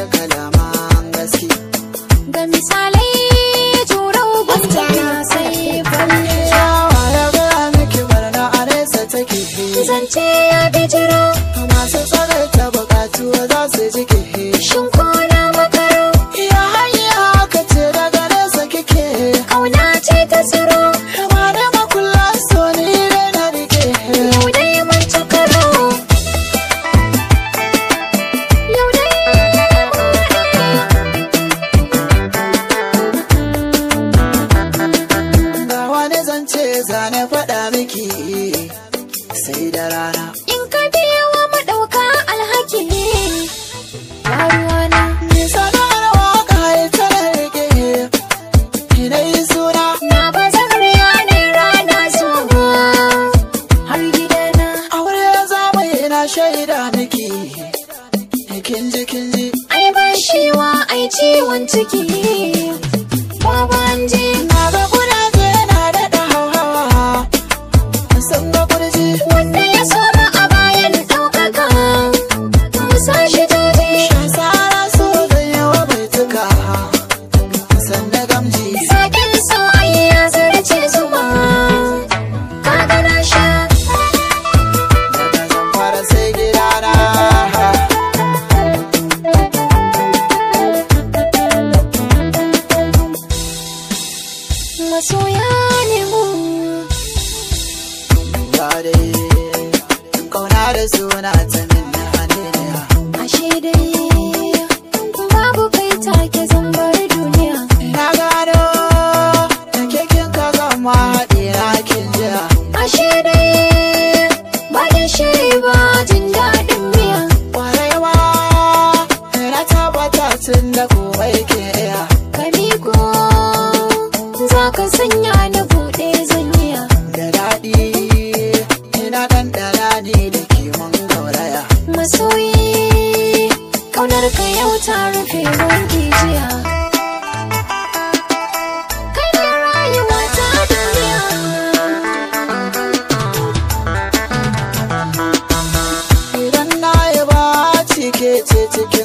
da kalaman gaske ga misalai turau na sai falle shawa ya ga miki na a nesa take zance ya bijiro masu tsaro zane faɗa miki sai da rana. In ka biya wa maɗauka alhaki ne, na. Ni sana'ar waka ya tara rike, ki na yi suna. Na ba zan riya ne rana har gidana. Aure ya zama yana shaida miki, kin ji kin ji. Ai ban wa ai ciwon ciki, baban je. Na ga guda masoya ne mu yare kauna da suna ta min na ashe dai babu kai take zan bar duniya na gano da kekin ka zama haɗe kin jiya ashe dai ba da shi ba jin daɗin miya ƙwarewa na tabbata tun da komai ke iya kami ko ka sanya na buɗe zaniya da daɗi ina ɗan ɗara ne da ke man gauraya masoyi ƙaunar ka yau ta rufe mun jiya take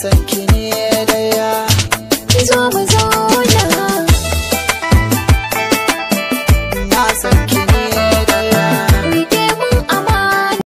sakin